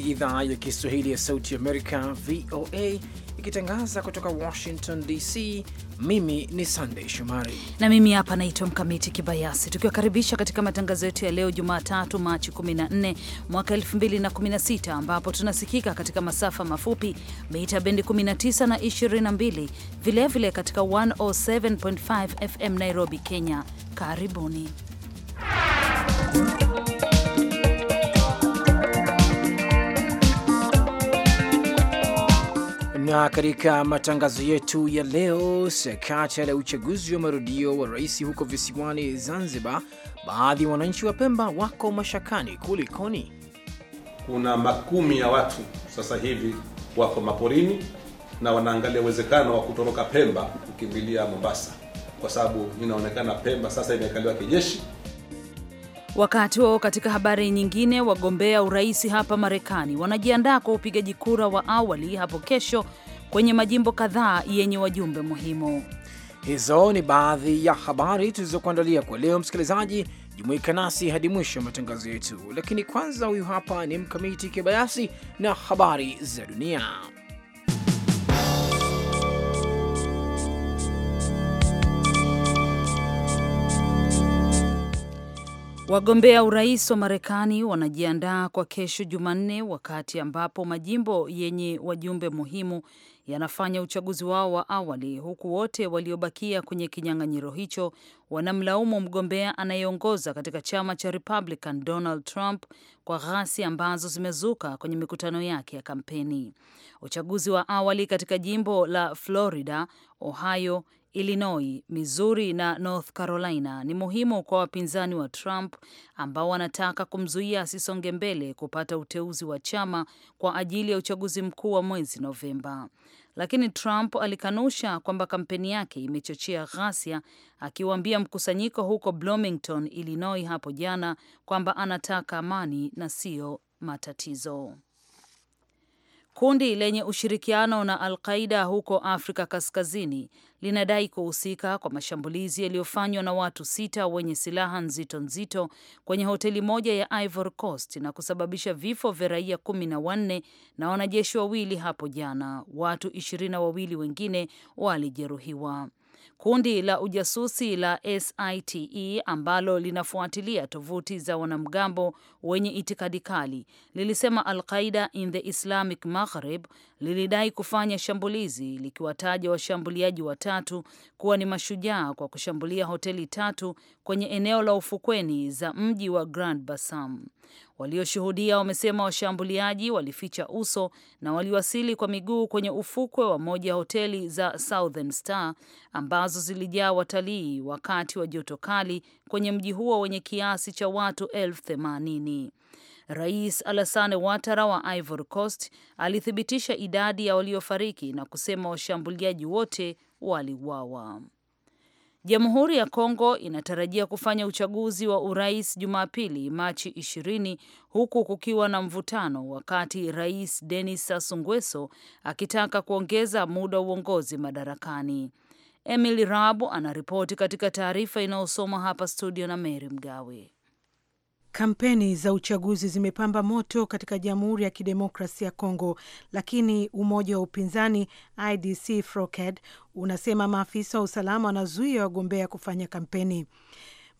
ni idhaa ya Kiswahili ya Sauti Amerika, VOA, ikitangaza kutoka Washington DC. Mimi ni Sandey Shomari na mimi hapa naitwa Mkamiti Kibayasi, tukiwakaribisha katika matangazo yetu ya leo Jumatatu, Machi 14 mwaka 2016, ambapo tunasikika katika masafa mafupi mita bendi 19 na 22, vilevile vile katika 107.5 FM Nairobi, Kenya. Karibuni Na katika matangazo yetu ya leo, sakata la uchaguzi wa marudio wa rais huko visiwani Zanzibar, baadhi ya wananchi wa Pemba wako mashakani. Kulikoni? Kuna makumi ya watu sasa hivi wako maporini na wanaangalia uwezekano wa kutoroka Pemba kukimbilia Mombasa, kwa sababu inaonekana Pemba sasa imekaliwa kijeshi. Wakati huo katika habari nyingine, wagombea urais hapa Marekani wanajiandaa kwa upigaji kura wa awali hapo kesho kwenye majimbo kadhaa yenye wajumbe muhimu. Hizo ni baadhi ya habari tulizokuandalia kwa leo. Msikilizaji, jumuika nasi hadi mwisho ya matangazo yetu, lakini kwanza, huyu hapa ni Mkamiti Kibayasi na habari za dunia. Wagombea urais wa Marekani wanajiandaa kwa kesho Jumanne, wakati ambapo majimbo yenye wajumbe muhimu yanafanya uchaguzi wao wa awali, huku wote waliobakia kwenye kinyang'anyiro hicho wanamlaumu mgombea anayeongoza katika chama cha Republican Donald Trump kwa ghasia ambazo zimezuka kwenye mikutano yake ya kampeni. Uchaguzi wa awali katika jimbo la Florida, Ohio, Illinois, Missouri na North Carolina ni muhimu kwa wapinzani wa Trump ambao wanataka kumzuia asisonge mbele kupata uteuzi wa chama kwa ajili ya uchaguzi mkuu wa mwezi Novemba. Lakini Trump alikanusha kwamba kampeni yake imechochea ghasia, akiwaambia mkusanyiko huko Bloomington, Illinois hapo jana kwamba anataka amani na siyo matatizo. Kundi lenye ushirikiano na Al Qaida huko Afrika Kaskazini linadai kuhusika kwa mashambulizi yaliyofanywa na watu sita wenye silaha nzito nzito kwenye hoteli moja ya Ivory Coast na kusababisha vifo vya raia kumi na wanne na wanajeshi wawili hapo jana. Watu ishirini na wawili wengine walijeruhiwa. Kundi la ujasusi la SITE ambalo linafuatilia tovuti za wanamgambo wenye itikadi kali lilisema Al-Qaida in the Islamic Maghreb lilidai kufanya shambulizi likiwataja washambuliaji watatu kuwa ni mashujaa kwa kushambulia hoteli tatu kwenye eneo la ufukweni za mji wa Grand Bassam. Walioshuhudia wamesema washambuliaji walificha uso na waliwasili kwa miguu kwenye ufukwe wa moja hoteli za Southern Star ambazo zilijaa watalii wakati wa joto kali kwenye mji huo wenye kiasi cha watu elfu themanini. Rais Alassane Ouattara wa Ivory Coast alithibitisha idadi ya waliofariki na kusema washambuliaji wote waliuawa. Jamhuri ya Kongo inatarajia kufanya uchaguzi wa urais Jumapili, Machi 20, huku kukiwa na mvutano wakati Rais Denis Sassou Nguesso akitaka kuongeza muda wa uongozi madarakani. Emily Rabu anaripoti katika taarifa inayosomwa hapa studio na Mary Mgawe. Kampeni za uchaguzi zimepamba moto katika Jamhuri ya Kidemokrasia ya Kongo, lakini umoja wa upinzani IDC Froked unasema maafisa wa usalama wanazuia wagombea kufanya kampeni.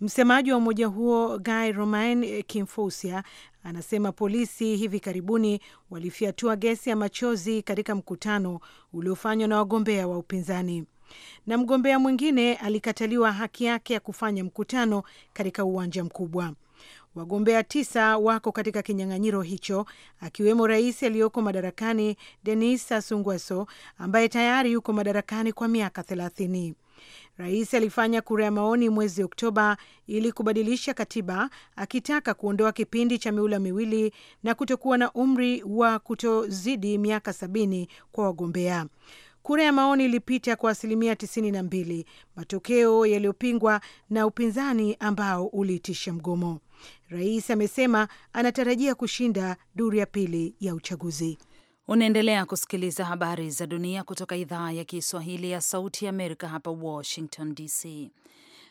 Msemaji wa umoja huo Guy Romain Kimfusia anasema polisi hivi karibuni walifyatua gesi ya machozi katika mkutano uliofanywa na wagombea wa upinzani na mgombea mwingine alikataliwa haki yake ya kufanya mkutano katika uwanja mkubwa. Wagombea tisa wako katika kinyang'anyiro hicho, akiwemo rais aliyoko madarakani Denis Sassou Nguesso ambaye tayari yuko madarakani kwa miaka thelathini. Rais alifanya kura ya maoni mwezi Oktoba ili kubadilisha katiba akitaka kuondoa kipindi cha miula miwili na kutokuwa na umri wa kutozidi miaka sabini kwa wagombea. Kura ya maoni ilipita kwa asilimia tisini na mbili, matokeo yaliyopingwa na upinzani ambao uliitisha mgomo. Rais amesema anatarajia kushinda duru ya pili ya uchaguzi. Unaendelea kusikiliza habari za dunia kutoka idhaa ya Kiswahili ya Sauti ya Amerika, hapa Washington DC.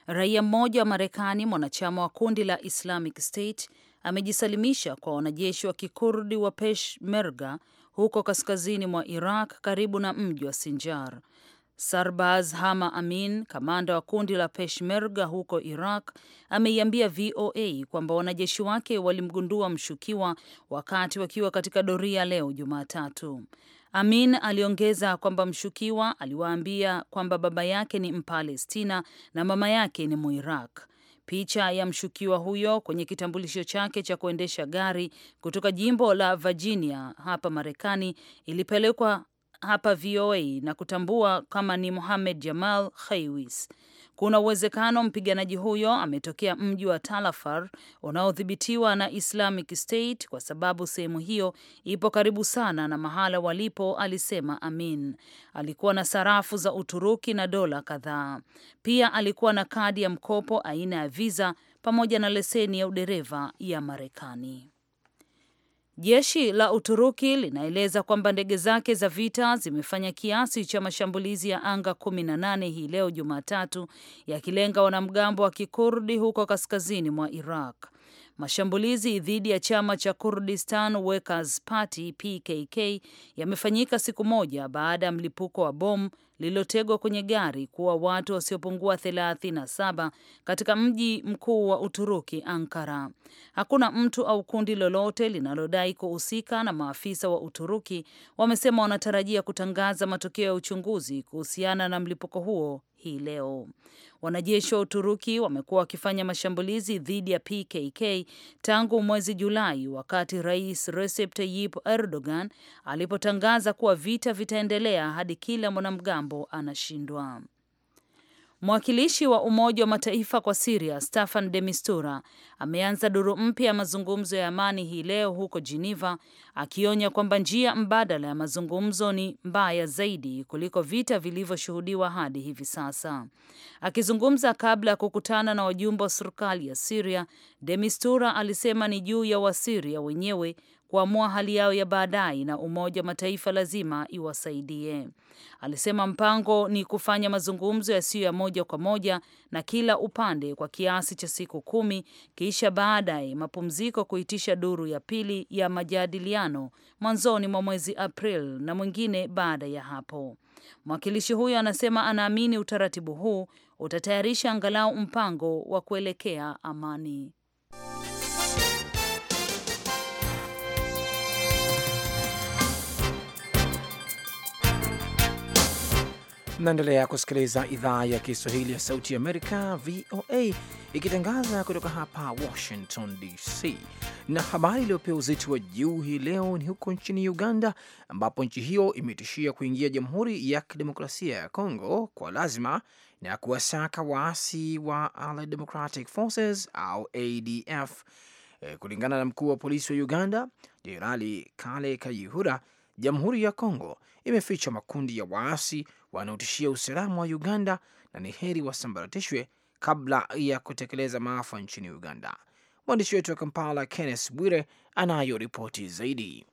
Raia mmoja wa Marekani, mwanachama wa kundi la Islamic State, amejisalimisha kwa wanajeshi wa kikurdi wa Peshmerga huko kaskazini mwa Iraq, karibu na mji wa Sinjar. Sarbaz Hama Amin, kamanda wa kundi la Peshmerga huko Iraq, ameiambia VOA kwamba wanajeshi wake walimgundua mshukiwa wakati wakiwa katika doria leo Jumatatu. Amin aliongeza kwamba mshukiwa aliwaambia kwamba baba yake ni Mpalestina na mama yake ni Muiraq. Picha ya mshukiwa huyo kwenye kitambulisho chake cha kuendesha gari kutoka jimbo la Virginia hapa Marekani ilipelekwa hapa VOA na kutambua kama ni Mohamed Jamal Khaiwis. Kuna uwezekano mpiganaji huyo ametokea mji wa Talafar unaodhibitiwa na Islamic State kwa sababu sehemu hiyo ipo karibu sana na mahala walipo, alisema Amin. Alikuwa na sarafu za Uturuki na dola kadhaa. Pia alikuwa na kadi ya mkopo aina ya Visa pamoja na leseni ya udereva ya Marekani. Jeshi la Uturuki linaeleza kwamba ndege zake za vita zimefanya kiasi cha mashambulizi ya anga 18 hii leo Jumatatu, yakilenga wanamgambo wa Kikurdi huko kaskazini mwa Iraq. Mashambulizi dhidi ya chama cha Kurdistan Workers Party PKK yamefanyika siku moja baada ya mlipuko wa bomu lililotegwa kwenye gari kuwa watu wasiopungua 37 katika mji mkuu wa Uturuki, Ankara. Hakuna mtu au kundi lolote linalodai kuhusika, na maafisa wa Uturuki wamesema wanatarajia kutangaza matokeo ya uchunguzi kuhusiana na mlipuko huo hii leo. Wanajeshi wa Uturuki wamekuwa wakifanya mashambulizi dhidi ya PKK tangu mwezi Julai, wakati Rais Recep Tayyip Erdogan alipotangaza kuwa vita vitaendelea hadi kila mwanamgambo anashindwa. Mwakilishi wa Umoja wa Mataifa kwa Siria Staffan de Mistura ameanza duru mpya ya mazungumzo ya amani hii leo huko Geneva, akionya kwamba njia mbadala ya mazungumzo ni mbaya zaidi kuliko vita vilivyoshuhudiwa hadi hivi sasa. Akizungumza kabla ya kukutana na wajumbe wa serikali ya Siria, de Mistura alisema ni juu ya Wasiria wenyewe kuamua hali yao ya baadaye na Umoja wa Mataifa lazima iwasaidie. Alisema mpango ni kufanya mazungumzo yasiyo ya moja kwa moja na kila upande kwa kiasi cha siku kumi, kisha baadaye mapumziko kuitisha duru ya pili ya majadiliano mwanzoni mwa mwezi April na mwingine baada ya hapo. Mwakilishi huyo anasema anaamini utaratibu huu utatayarisha angalau mpango wa kuelekea amani. Mnaendelea kusikiliza idhaa ya Kiswahili ya Sauti Amerika, VOA, ikitangaza kutoka hapa Washington DC. Na habari iliyopewa uzito wa juu hii leo ni huko nchini Uganda, ambapo nchi hiyo imetishia kuingia Jamhuri ya Kidemokrasia ya congo kwa lazima na kuwasaka waasi wa Allied Democratic Forces au ADF. Eh, kulingana na mkuu wa polisi wa Uganda, Jenerali Kale Kayihura, Jamhuri ya Kongo imeficha makundi ya waasi wanaotishia usalama wa Uganda na ni heri wasambaratishwe kabla ya kutekeleza maafa nchini Uganda. Mwandishi wetu wa Kampala, Kenneth Bwire, anayo ripoti zaidi.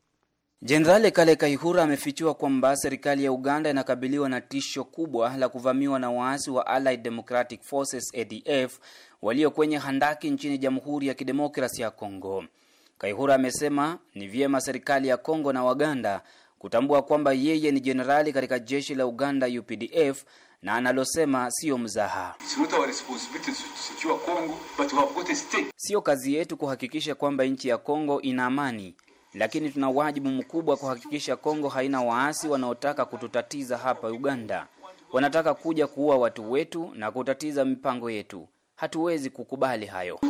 Jenerali Kale Kaihura amefichua kwamba serikali ya Uganda inakabiliwa na tisho kubwa la kuvamiwa na waasi wa Allied Democratic Forces ADF walio kwenye handaki nchini Jamhuri ya Kidemokrasia ya Kongo. Kaihura amesema ni vyema serikali ya Kongo na Waganda kutambua kwamba yeye ni jenerali katika jeshi la Uganda UPDF na analosema siyo mzaha. Siyo kazi yetu kuhakikisha kwamba nchi ya Kongo ina amani, lakini tuna wajibu mkubwa kuhakikisha Kongo haina waasi wanaotaka kututatiza hapa Uganda. Wanataka kuja kuua watu wetu na kutatiza mipango yetu. Hatuwezi kukubali hayo.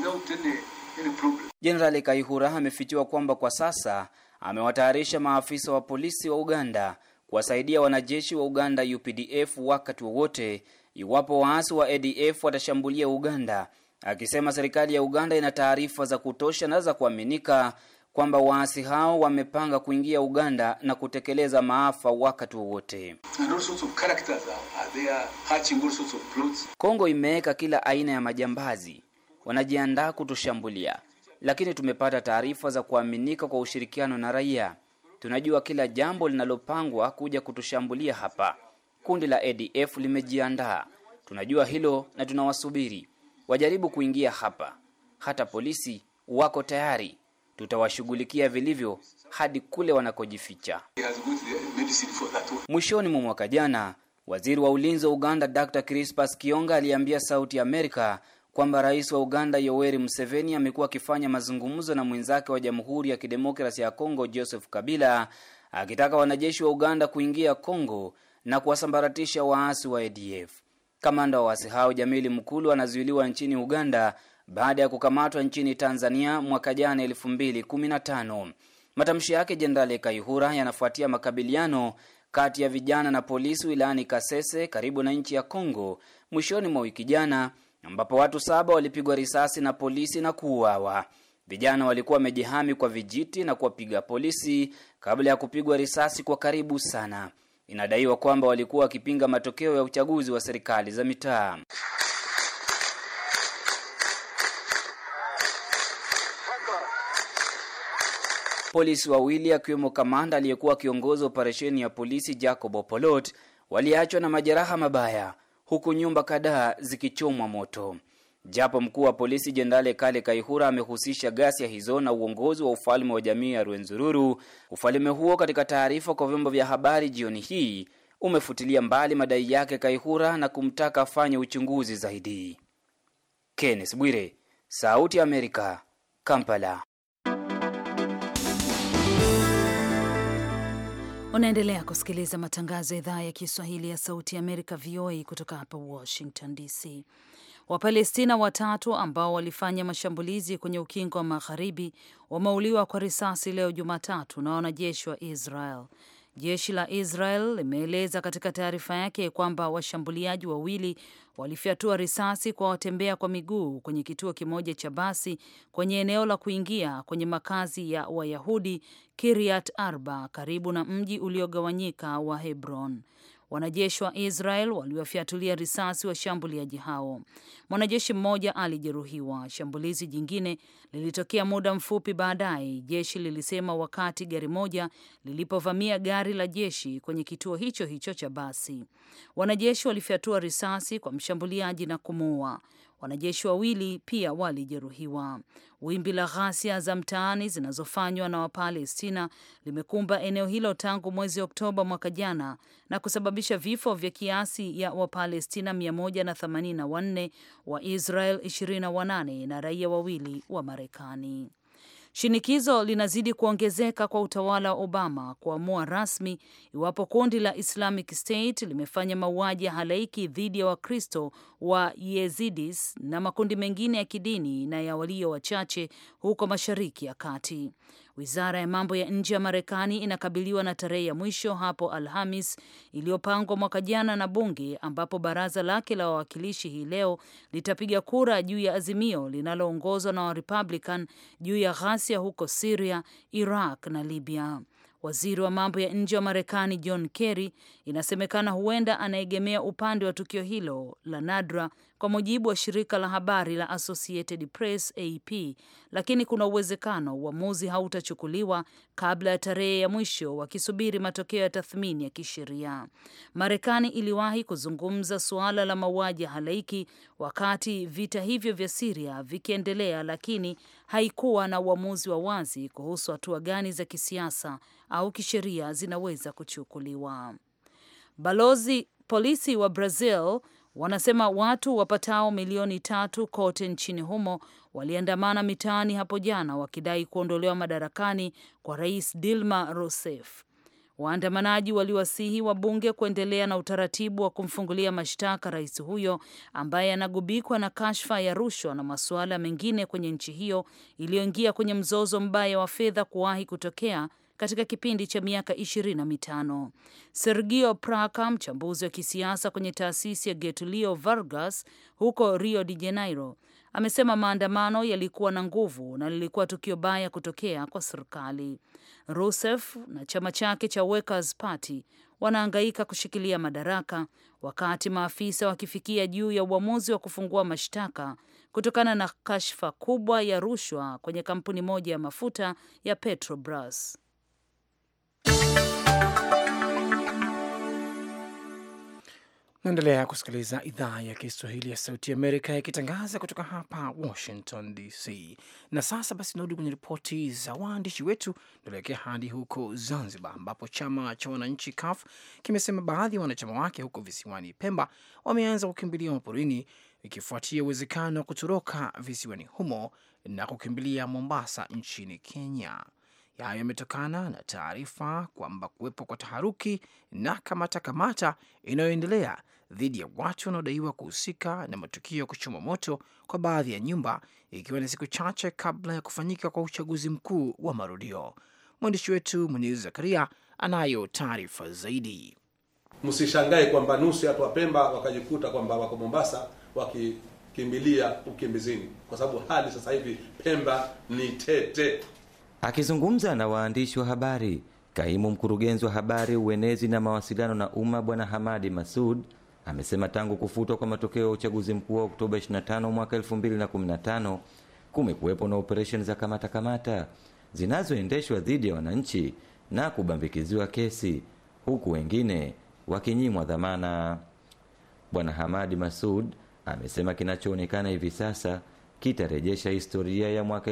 Jenerali Kaihura amefichiwa kwamba kwa sasa amewatayarisha maafisa wa polisi wa Uganda kuwasaidia wanajeshi wa Uganda UPDF wakati wowote iwapo waasi wa ADF watashambulia Uganda, akisema serikali ya Uganda ina taarifa za kutosha na za kuaminika kwamba waasi hao wamepanga kuingia Uganda na kutekeleza maafa wakati wowote. Kongo imeweka kila aina ya majambazi, wanajiandaa kutushambulia lakini tumepata taarifa za kuaminika kwa ushirikiano na raia. Tunajua kila jambo linalopangwa kuja kutushambulia hapa. Kundi la ADF limejiandaa, tunajua hilo na tunawasubiri wajaribu kuingia hapa. Hata polisi wako tayari, tutawashughulikia vilivyo hadi kule wanakojificha. Mwishoni mwa mwaka jana, waziri wa ulinzi wa Uganda Dr. Crispas Kionga aliambia Sauti Amerika kwamba rais wa Uganda Yoweri Museveni amekuwa akifanya mazungumzo na mwenzake wa Jamhuri ya kidemokrasi ya Kongo Joseph Kabila akitaka wanajeshi wa Uganda kuingia Kongo na kuwasambaratisha waasi wa ADF. Kamanda wa waasi hao Jamili Mkulu anazuiliwa nchini Uganda baada ya kukamatwa nchini Tanzania mwaka jana 215 Matamshi yake Jenerali Kaihura yanafuatia makabiliano kati ya vijana na polisi wilayani Kasese karibu na nchi ya Kongo mwishoni mwa wiki jana ambapo watu saba walipigwa risasi na polisi na kuuawa. Vijana walikuwa wamejihami kwa vijiti na kuwapiga polisi kabla ya kupigwa risasi kwa karibu sana. Inadaiwa kwamba walikuwa wakipinga matokeo ya uchaguzi wa serikali za mitaa. Polisi wawili akiwemo kamanda aliyekuwa akiongoza operesheni ya polisi Jacob Opolot waliachwa na majeraha mabaya huku nyumba kadhaa zikichomwa moto. Japo mkuu wa polisi Jenerali Kale Kaihura amehusisha ghasia hizo na uongozi wa ufalme wa jamii ya Rwenzururu, ufalme huo katika taarifa kwa vyombo vya habari jioni hii umefutilia mbali madai yake Kaihura na kumtaka afanye uchunguzi zaidi. Kenneth Bwire, Sauti ya Amerika, Kampala. Unaendelea kusikiliza matangazo ya idhaa ya Kiswahili ya Sauti ya Amerika, VOA, kutoka hapa Washington DC. Wapalestina watatu ambao walifanya mashambulizi kwenye ukingo wa magharibi wameuliwa kwa risasi leo Jumatatu na wanajeshi wa Israel. Jeshi la Israel limeeleza katika taarifa yake kwamba washambuliaji wawili walifyatua risasi kwa watembea kwa miguu kwenye kituo kimoja cha basi kwenye eneo la kuingia kwenye makazi ya Wayahudi Kiryat Arba, karibu na mji uliogawanyika wa Hebron. Wanajeshi wa Israel waliwafyatulia risasi washambuliaji hao. Mwanajeshi mmoja alijeruhiwa. Shambulizi jingine lilitokea muda mfupi baadaye, jeshi lilisema, wakati gari moja lilipovamia gari la jeshi kwenye kituo hicho hicho cha basi. Wanajeshi walifyatua risasi kwa mshambuliaji na kumuua. Wanajeshi wawili pia walijeruhiwa. Wimbi la ghasia za mtaani zinazofanywa na Wapalestina limekumba eneo hilo tangu mwezi Oktoba mwaka jana na kusababisha vifo vya kiasi ya Wapalestina 184 wa Israel 28 na raia wawili wa Marekani. Shinikizo linazidi kuongezeka kwa utawala wa Obama kuamua rasmi iwapo kundi la Islamic State limefanya mauaji ya halaiki dhidi ya Wakristo wa Yezidis na makundi mengine ya kidini na ya walio wachache huko Mashariki ya Kati. Wizara ya mambo ya nje ya Marekani inakabiliwa na tarehe ya mwisho hapo Alhamis iliyopangwa mwaka jana na bunge ambapo baraza lake la wawakilishi hii leo litapiga kura juu ya azimio linaloongozwa na Warepublican juu ya ghasia huko Siria, Iraq na Libya. Waziri wa mambo ya nje wa Marekani John Kerry inasemekana huenda anaegemea upande wa tukio hilo la nadra kwa mujibu wa shirika la habari la Associated Press AP, lakini kuna uwezekano uamuzi hautachukuliwa kabla ya tarehe ya mwisho, wakisubiri matokeo ya tathmini ya kisheria. Marekani iliwahi kuzungumza suala la mauaji ya halaiki wakati vita hivyo vya Siria vikiendelea, lakini haikuwa na uamuzi wa wazi kuhusu hatua gani za kisiasa au kisheria zinaweza kuchukuliwa. Balozi polisi wa Brazil wanasema watu wapatao milioni tatu kote nchini humo waliandamana mitaani hapo jana wakidai kuondolewa madarakani kwa Rais Dilma Rousseff. Waandamanaji waliwasihi wabunge kuendelea na utaratibu wa kumfungulia mashtaka rais huyo ambaye anagubikwa na kashfa ya rushwa na masuala mengine kwenye nchi hiyo iliyoingia kwenye mzozo mbaya wa fedha kuwahi kutokea katika kipindi cha miaka ishirini na mitano. Sergio Praka, mchambuzi wa kisiasa kwenye taasisi ya Getulio Vargas huko Rio de Janeiro, amesema maandamano yalikuwa na nguvu na lilikuwa tukio baya kutokea kwa serikali. Rousseff na chama chake cha Workers Party wanaangaika kushikilia madaraka wakati maafisa wakifikia juu ya uamuzi wa kufungua mashtaka kutokana na kashfa kubwa ya rushwa kwenye kampuni moja ya mafuta ya Petrobras. Naendelea kusikiliza idhaa ya Kiswahili ya Sauti Amerika ikitangaza kutoka hapa Washington DC. Na sasa basi, narudi kwenye ripoti za waandishi wetu. Tunaelekea hadi huko Zanzibar, ambapo chama cha wananchi CUF kimesema baadhi ya wanachama wake huko visiwani Pemba wameanza kukimbilia maporini, ikifuatia uwezekano wa kutoroka visiwani humo na kukimbilia Mombasa nchini Kenya. Hayo yametokana na taarifa kwamba kuwepo kwa taharuki na kamata kamata inayoendelea dhidi ya watu wanaodaiwa kuhusika na matukio ya kuchoma moto kwa baadhi ya nyumba, ikiwa ni siku chache kabla ya kufanyika kwa uchaguzi mkuu wa marudio. Mwandishi wetu Mwenyezi Zakaria anayo taarifa zaidi. Msishangae kwamba nusu ya watu wa Pemba wakajikuta kwamba wako Mombasa wakikimbilia ukimbizini, kwa sababu hali sasa hivi Pemba ni tete. Akizungumza na waandishi wa habari, kaimu mkurugenzi wa habari, uenezi na mawasiliano na umma Bwana Hamadi Masud amesema tangu kufutwa kwa matokeo ya uchaguzi mkuu wa Oktoba 25 mwaka 215 kumekuwepo na operesheni za kamata kamata zinazoendeshwa dhidi ya wananchi na kubambikiziwa kesi huku wengine wakinyimwa dhamana. Bwana Hamadi Masud amesema kinachoonekana hivi sasa kitarejesha historia ya mwaka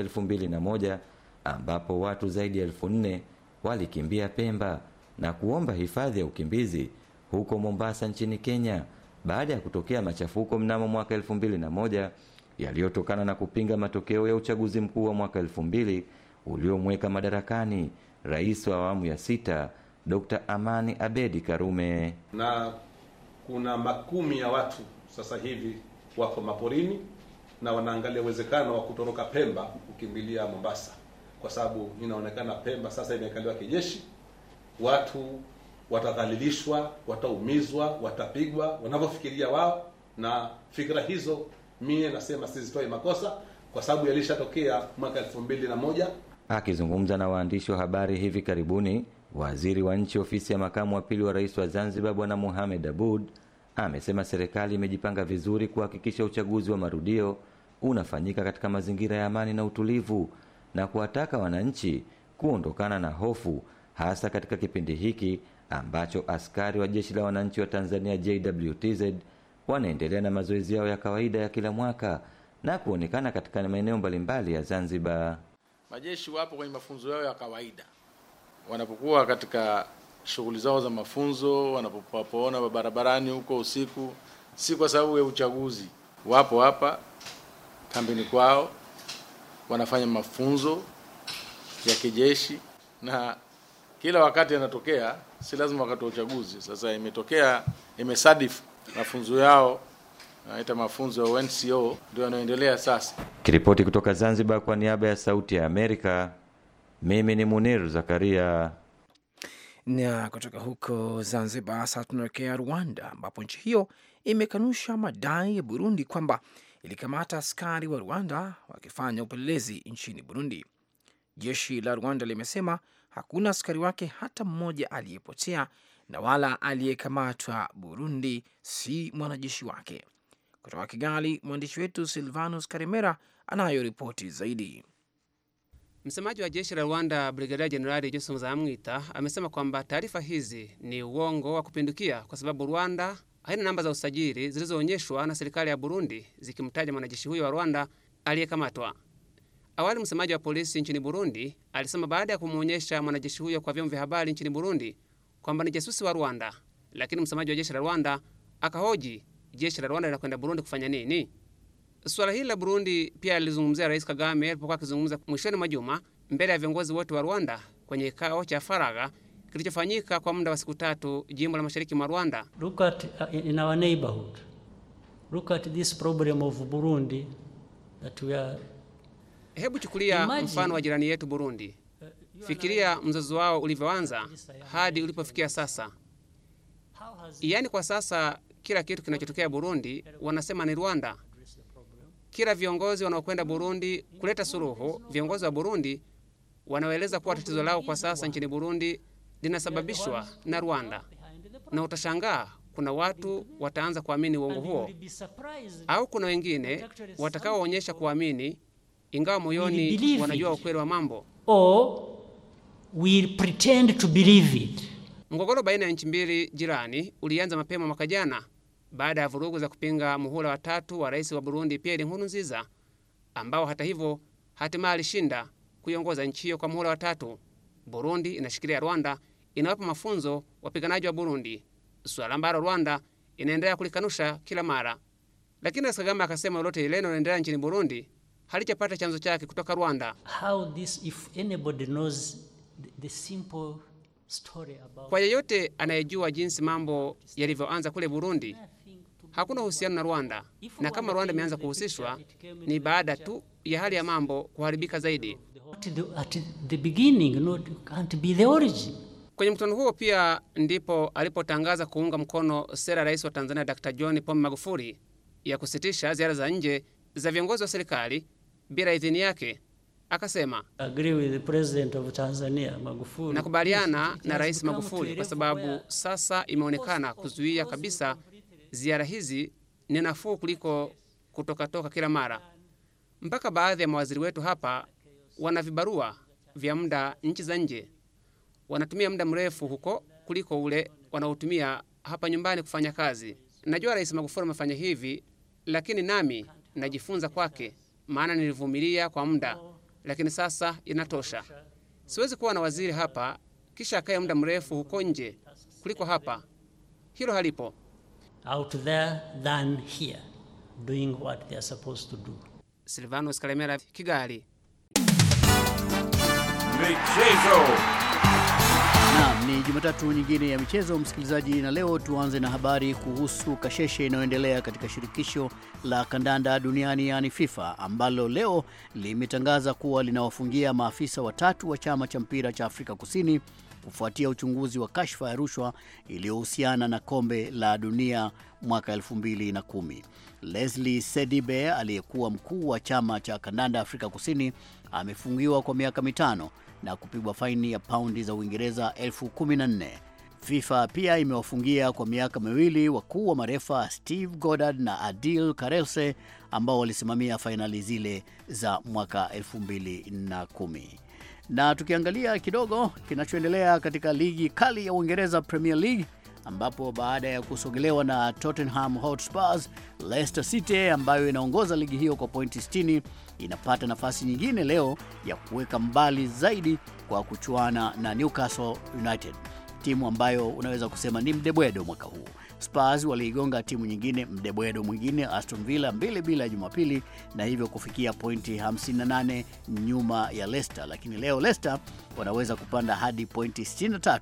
ambapo watu zaidi ya elfu nne walikimbia Pemba na kuomba hifadhi ya ukimbizi huko Mombasa nchini Kenya baada ya kutokea machafuko mnamo mwaka elfu mbili na moja yaliyotokana na kupinga matokeo ya uchaguzi mkuu wa mwaka elfu mbili uliomweka madarakani rais wa awamu ya sita Dr. Amani Abedi Karume. Na kuna makumi ya watu sasa hivi wako maporini na wanaangalia uwezekano wa kutoroka Pemba kukimbilia Mombasa kwa sababu inaonekana Pemba sasa imekaliwa kijeshi. Watu watadhalilishwa, wataumizwa, watapigwa wanavyofikiria wao, na fikra hizo mie nasema sizitoe makosa kwa sababu yalishatokea mwaka elfu mbili na moja. Akizungumza na waandishi wa habari hivi karibuni, waziri wa nchi ofisi ya makamu wa pili wa rais wa Zanzibar Bwana muhamed Abud amesema serikali imejipanga vizuri kuhakikisha uchaguzi wa marudio unafanyika katika mazingira ya amani na utulivu na kuwataka wananchi kuondokana na hofu, hasa katika kipindi hiki ambacho askari wa Jeshi la Wananchi wa Tanzania JWTZ wanaendelea na mazoezi yao ya kawaida ya kila mwaka na kuonekana katika maeneo mbalimbali ya Zanzibar. Majeshi wapo kwenye mafunzo yao ya kawaida, wanapokuwa katika shughuli zao za mafunzo, wanapowapoona barabarani huko usiku, si kwa sababu ya uchaguzi, wapo hapa kambini kwao wanafanya mafunzo ya kijeshi, na kila wakati yanatokea, si lazima wakati wa uchaguzi. Sasa imetokea, imesadif mafunzo yao naita mafunzo ya NCO ndio yanayoendelea sasa. Kiripoti kutoka Zanzibar kwa niaba ya Sauti ya Amerika, mimi ni Munir Zakaria na kutoka huko Zanzibar sasa tunaelekea Rwanda, ambapo nchi hiyo imekanusha madai ya Burundi kwamba ilikamata askari wa Rwanda wakifanya upelelezi nchini Burundi. Jeshi la Rwanda limesema hakuna askari wake hata mmoja aliyepotea na wala aliyekamatwa Burundi si mwanajeshi wake. Kutoka Kigali, mwandishi wetu Silvanus karimera anayo ripoti zaidi. Msemaji wa jeshi la Rwanda, Brigadia Jenerali Jason Nzamwita amesema kwamba taarifa hizi ni uongo wa kupindukia kwa sababu Rwanda Haina namba za usajili zilizoonyeshwa na serikali ya Burundi zikimtaja mwanajeshi huyo wa Rwanda aliyekamatwa. Awali msemaji wa polisi nchini Burundi alisema baada ya kumwonyesha mwanajeshi huyo kwa vyombo vya habari nchini Burundi kwamba ni jasusi wa Rwanda, lakini msemaji wa jeshi la Rwanda akahoji jeshi la Rwanda linakwenda Burundi kufanya nini? Suala hili la Burundi pia lilizungumzia Rais Kagame alipokuwa akizungumza mwishoni mwa juma mbele ya viongozi wote wa Rwanda kwenye kikao cha faragha kilichofanyika kwa muda wa siku tatu jimbo la mashariki mwa Rwanda. Look at uh, in our neighborhood. Look at this problem of Burundi that we are... Hebu chukulia Imagine... mfano wa jirani yetu Burundi. Uh, Fikiria mzozo wao ulivyoanza hadi ulipofikia sasa. Yaani kwa sasa kila kitu kinachotokea Burundi wanasema ni Rwanda. Kila viongozi wanaokwenda Burundi kuleta suluhu, viongozi wa Burundi wanaeleza kuwa tatizo lao kwa sasa nchini Burundi linasababishwa na Rwanda, na utashangaa kuna watu wataanza kuamini uongo huo, au kuna wengine watakaoonyesha kuamini, ingawa moyoni wanajua ukweli wa mambo. Mgogoro baina ya nchi mbili jirani ulianza mapema mwaka jana baada ya vurugu za kupinga muhula wa tatu wa rais wa Burundi Pierre Nkurunziza, ambao hata hivyo hatimaye alishinda kuiongoza nchi hiyo kwa muhula wa tatu. Burundi inashikilia Rwanda inawapa mafunzo wapiganaji wa Burundi, suala ambalo Rwanda inaendelea kulikanusha kila mara. Lakini Rais Kagame akasema lolote lile linaloendelea nchini Burundi halichapata chanzo chake kutoka Rwanda. How this, if anybody knows the simple story about... kwa yeyote anayejua jinsi mambo yalivyoanza kule Burundi, hakuna uhusiano na Rwanda, na kama Rwanda imeanza kuhusishwa ni baada tu ya hali ya mambo kuharibika zaidi. At the, at the beginning, not, can't be the origin. Kwenye mkutano huo pia ndipo alipotangaza kuunga mkono sera ya rais wa Tanzania Dr. John Pombe Magufuli ya kusitisha ziara za nje za viongozi wa serikali bila idhini yake. Akasema, Agree with the President of Tanzania, Magufuli. Nakubaliana na Rais Magufuli kwa sababu sasa imeonekana kuzuia kabisa ziara hizi ni nafuu kuliko kutokatoka kila mara, mpaka baadhi ya mawaziri wetu hapa wana vibarua vya muda nchi za nje wanatumia muda mrefu huko kuliko ule wanaotumia hapa nyumbani kufanya kazi. Najua Rais Magufuli amefanya hivi, lakini nami najifunza kwake, maana nilivumilia kwa muda, lakini sasa inatosha. Siwezi kuwa na waziri hapa kisha akae muda mrefu huko nje kuliko hapa. Hilo halipo. Out there than here, doing what they are supposed to do. Silvanos Kalemera, Kigali. Michezo. Naam, ni Jumatatu nyingine ya michezo msikilizaji, na leo tuanze na habari kuhusu kasheshe inayoendelea katika shirikisho la kandanda duniani yani FIFA, ambalo leo limetangaza kuwa linawafungia maafisa watatu wa chama cha mpira cha Afrika Kusini kufuatia uchunguzi wa kashfa ya rushwa iliyohusiana na kombe la dunia mwaka 2010. Leslie Sedibe aliyekuwa mkuu wa chama cha kandanda Afrika Kusini amefungiwa kwa miaka mitano na kupigwa faini ya paundi za Uingereza elfu kumi na nne. FIFA pia imewafungia kwa miaka miwili wakuu wa marefa Steve Goddard na Adil Karelse ambao walisimamia fainali zile za mwaka 2010. Na tukiangalia kidogo kinachoendelea katika ligi kali ya Uingereza, Premier League, ambapo baada ya kusogelewa na Tottenham Hotspurs, Leicester City ambayo inaongoza ligi hiyo kwa pointi 60 inapata nafasi nyingine leo ya kuweka mbali zaidi kwa kuchuana na Newcastle United, timu ambayo unaweza kusema ni mdebwedo mwaka huu. Spurs waliigonga timu nyingine mdebwedo mwingine Aston Villa mbili bila ya Jumapili na hivyo kufikia pointi 58 nyuma ya Leicester, lakini leo Leicester wanaweza kupanda hadi pointi 63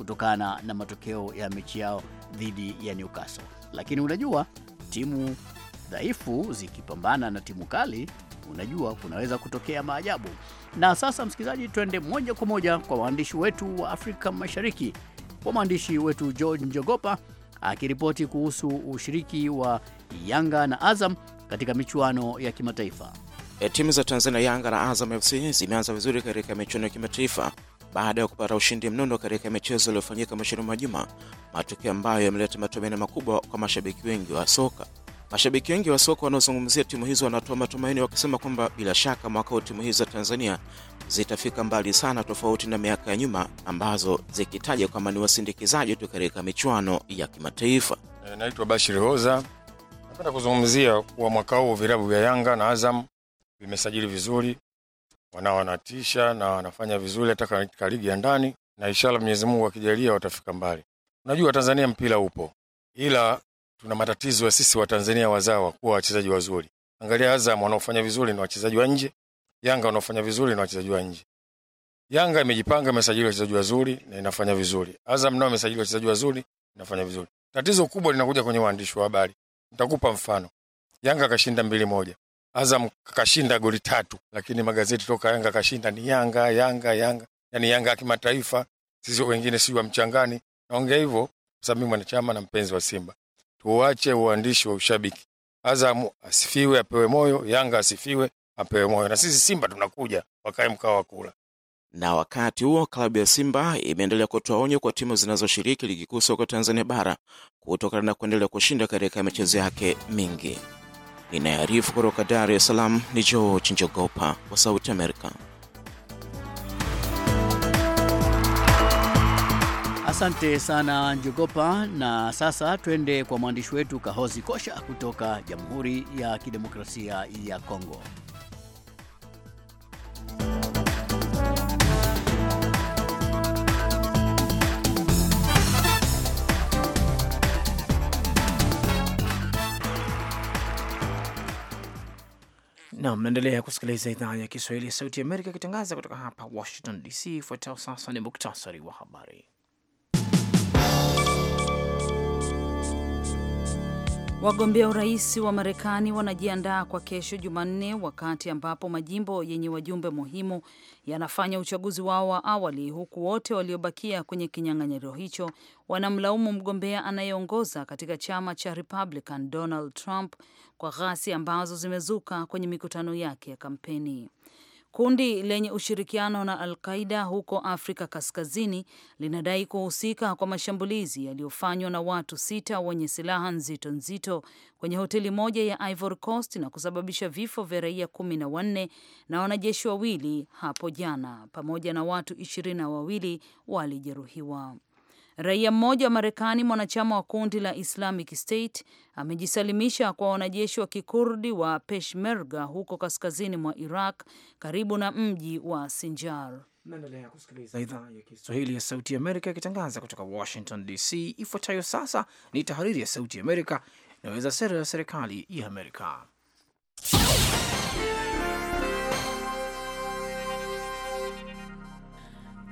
kutokana na matokeo ya mechi yao dhidi ya Newcastle. Lakini unajua timu dhaifu zikipambana na timu kali, unajua kunaweza kutokea maajabu. Na sasa, msikilizaji, twende moja kwa moja kwa waandishi wetu wa Afrika Mashariki, kwa mwandishi wetu George Njogopa akiripoti kuhusu ushiriki wa Yanga na Azam katika michuano ya kimataifa. E, timu za Tanzania Yanga na Azam FC zimeanza vizuri katika michuano ya kimataifa baada ya kupata ushindi mnono katika michezo iliyofanyika mwishoni mwa juma, matukio ambayo yameleta matumaini makubwa kwa mashabiki wengi wa soka. Mashabiki wengi wa soka wanaozungumzia timu hizo wanatoa matumaini wakisema kwamba bila shaka mwaka huu timu hizi za Tanzania zitafika mbali sana, tofauti na miaka ya nyuma ambazo zikitaja kwamba ni wasindikizaji tu katika michuano ya kimataifa. E, naitwa Bashir Hoza. Napenda kuzungumzia kuwa mwaka huu virabu vya Yanga na Azam vimesajili vizuri, wanao wanatisha na wanafanya vizuri hata katika ligi ya ndani, na inshallah Mwenyezi Mungu akijalia watafika mbali. Unajua Tanzania mpira upo, ila tuna matatizo ya sisi Watanzania wazawa kuwa wachezaji wazuri. Angalia Azam wanaofanya vizuri ni wachezaji wa nje, Yanga wanaofanya vizuri ni wachezaji wa nje. Yanga imejipanga, imesajili wachezaji wazuri na inafanya vizuri. Azam nao imesajili wachezaji wazuri, inafanya vizuri. Tatizo kubwa linakuja kwenye waandishi wa habari. Nitakupa mfano, Yanga kashinda mbili moja, Azam kashinda goli tatu, lakini magazeti toka Yanga kashinda ni Yanga, Yanga, Yanga, yani Yanga ya kimataifa, sisi wengine si wa mchangani. Naongea hivyo sasa, mimi mwanachama na mpenzi wa Simba, tuache uandishi wa ushabiki. Azam asifiwe apewe moyo, Yanga asifiwe apewe moyo, na sisi Simba tunakuja, wakae mkao wa kula. Na wakati huo klabu ya Simba imeendelea kutoa onyo kwa timu zinazoshiriki ligi kuu soka Tanzania bara kutokana na kuendelea kushinda katika michezo yake mingi. Ninayarifu kutoka Dar es Salaam ni George Njogopa wa Sauti Amerika. Asante sana Njogopa, na sasa twende kwa mwandishi wetu Kahozi Kosha kutoka Jamhuri ya Kidemokrasia ya congo na mnaendelea kusikiliza idhaa ya Kiswahili ya Sauti ya Amerika ikitangaza kutoka hapa Washington DC. Ifuatao sasa ni muktasari wa habari. Wagombea urais wa Marekani wanajiandaa kwa kesho Jumanne, wakati ambapo majimbo yenye wajumbe muhimu yanafanya uchaguzi wao wa awali, huku wote waliobakia kwenye kinyang'anyiro hicho wanamlaumu mgombea anayeongoza katika chama cha Republican Donald Trump kwa ghasia ambazo zimezuka kwenye mikutano yake ya kampeni. Kundi lenye ushirikiano na Al-Qaida huko Afrika Kaskazini linadai kuhusika kwa mashambulizi yaliyofanywa na watu sita wenye silaha nzito nzito kwenye hoteli moja ya Ivory Coast na kusababisha vifo vya raia kumi na wanne na wanajeshi wawili hapo jana, pamoja na watu ishirini na wawili walijeruhiwa. Raia mmoja wa Marekani mwanachama wa kundi la Islamic State amejisalimisha kwa wanajeshi wa Kikurdi wa Peshmerga huko kaskazini mwa Iraq karibu na mji wa Sinjar. Naendelea kusikiliza idhaa ya Kiswahili ya Sauti Amerika ikitangaza kutoka Washington DC. Ifuatayo sasa ni tahariri ya Sauti Amerika inaweza sera ya serikali ya Amerika.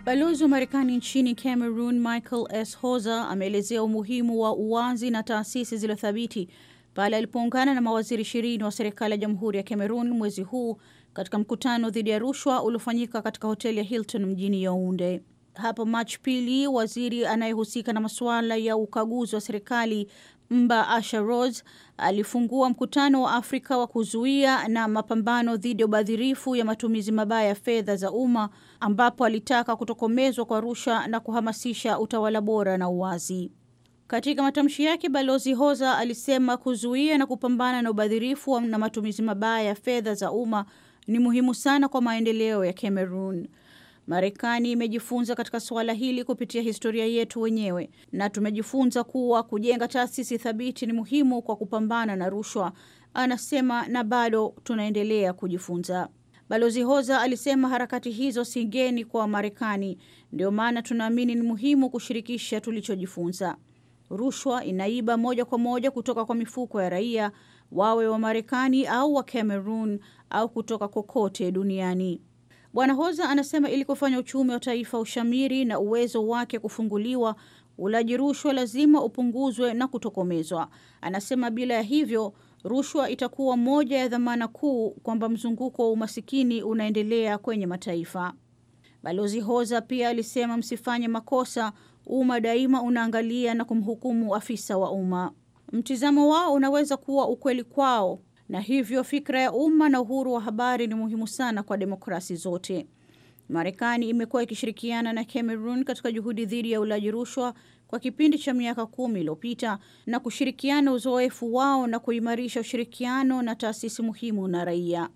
Balozi wa Marekani nchini Cameroon Michael S Hoza ameelezea umuhimu wa uwazi na taasisi zilizothabiti pale alipoungana na mawaziri ishirini wa serikali ya Jamhuri ya Cameroon mwezi huu katika mkutano dhidi ya rushwa uliofanyika katika hoteli ya Hilton mjini Yaounde. Hapo Machi pili, waziri anayehusika na masuala ya ukaguzi wa serikali Mba Asha Rose alifungua mkutano wa Afrika wa kuzuia na mapambano dhidi ya ubadhirifu ya matumizi mabaya ya fedha za umma ambapo alitaka kutokomezwa kwa rushwa na kuhamasisha utawala bora na uwazi. Katika matamshi yake, Balozi Hoza alisema kuzuia na kupambana na ubadhirifu na matumizi mabaya ya fedha za umma ni muhimu sana kwa maendeleo ya Cameroon. Marekani imejifunza katika suala hili kupitia historia yetu wenyewe, na tumejifunza kuwa kujenga taasisi thabiti ni muhimu kwa kupambana na rushwa, anasema, na bado tunaendelea kujifunza. Balozi Hoza alisema harakati hizo si ngeni kwa Marekani, ndio maana tunaamini ni muhimu kushirikisha tulichojifunza. Rushwa inaiba moja kwa moja kutoka kwa mifuko ya raia, wawe wa Marekani au wa Cameroon au kutoka kokote duniani. Bwana Hoza anasema ili kufanya uchumi wa taifa ushamiri na uwezo wake kufunguliwa, ulaji rushwa lazima upunguzwe na kutokomezwa. Anasema bila ya hivyo rushwa itakuwa moja ya dhamana kuu kwamba mzunguko wa umasikini unaendelea kwenye mataifa. Balozi Hoza pia alisema msifanye makosa, umma daima unaangalia na kumhukumu afisa wa umma. Mtizamo wao unaweza kuwa ukweli kwao, na hivyo fikra ya umma na uhuru wa habari ni muhimu sana kwa demokrasi zote. Marekani imekuwa ikishirikiana na Cameroon katika juhudi dhidi ya ulaji rushwa kwa kipindi cha miaka kumi iliyopita na kushirikiana uzoefu wao na kuimarisha ushirikiano na taasisi muhimu na raia.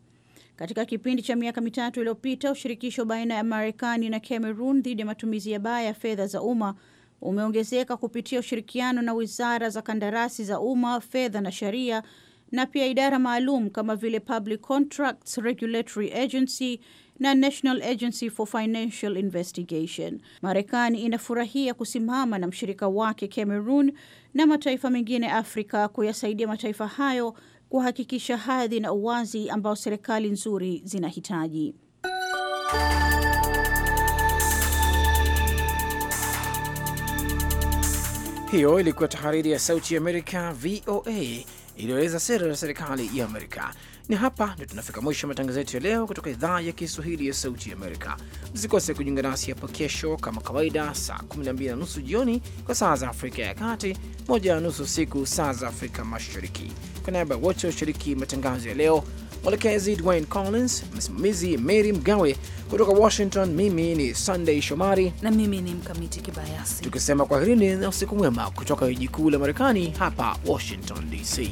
Katika kipindi cha miaka mitatu iliyopita, ushirikisho baina ya Marekani na Cameroon dhidi ya matumizi yabaya ya fedha za umma umeongezeka kupitia ushirikiano na wizara za kandarasi za umma, fedha na sheria na pia idara maalum kama vile Public Contracts Regulatory Agency na National Agency for Financial Investigation. Marekani inafurahia kusimama na mshirika wake Cameroon na mataifa mengine Afrika kuyasaidia mataifa hayo kuhakikisha hadhi na uwazi ambao serikali nzuri zinahitaji. Hiyo ilikuwa tahariri ya Sauti ya Amerika, VOA iliyoeleza sera ya serikali ya Amerika. Ni hapa ndio tunafika mwisho matangazo yetu ya leo kutoka idhaa ya Kiswahili ya Sauti ya Amerika. Msikose kujiunga nasi hapo kesho kama kawaida, saa 12 na nusu jioni kwa saa za Afrika ya Kati, moja na nusu usiku saa za Afrika Mashariki. Kwa niaba ya wote washiriki matangazo ya leo mwelekezi Dwayne Collins, msimamizi Mary Mgawe. Kutoka Washington, mimi ni Sunday Shomari na mimi ni Mkamiti Kibayasi, tukisema kwaherini na usiku mwema kutoka jiji kuu la Marekani, hapa Washington DC.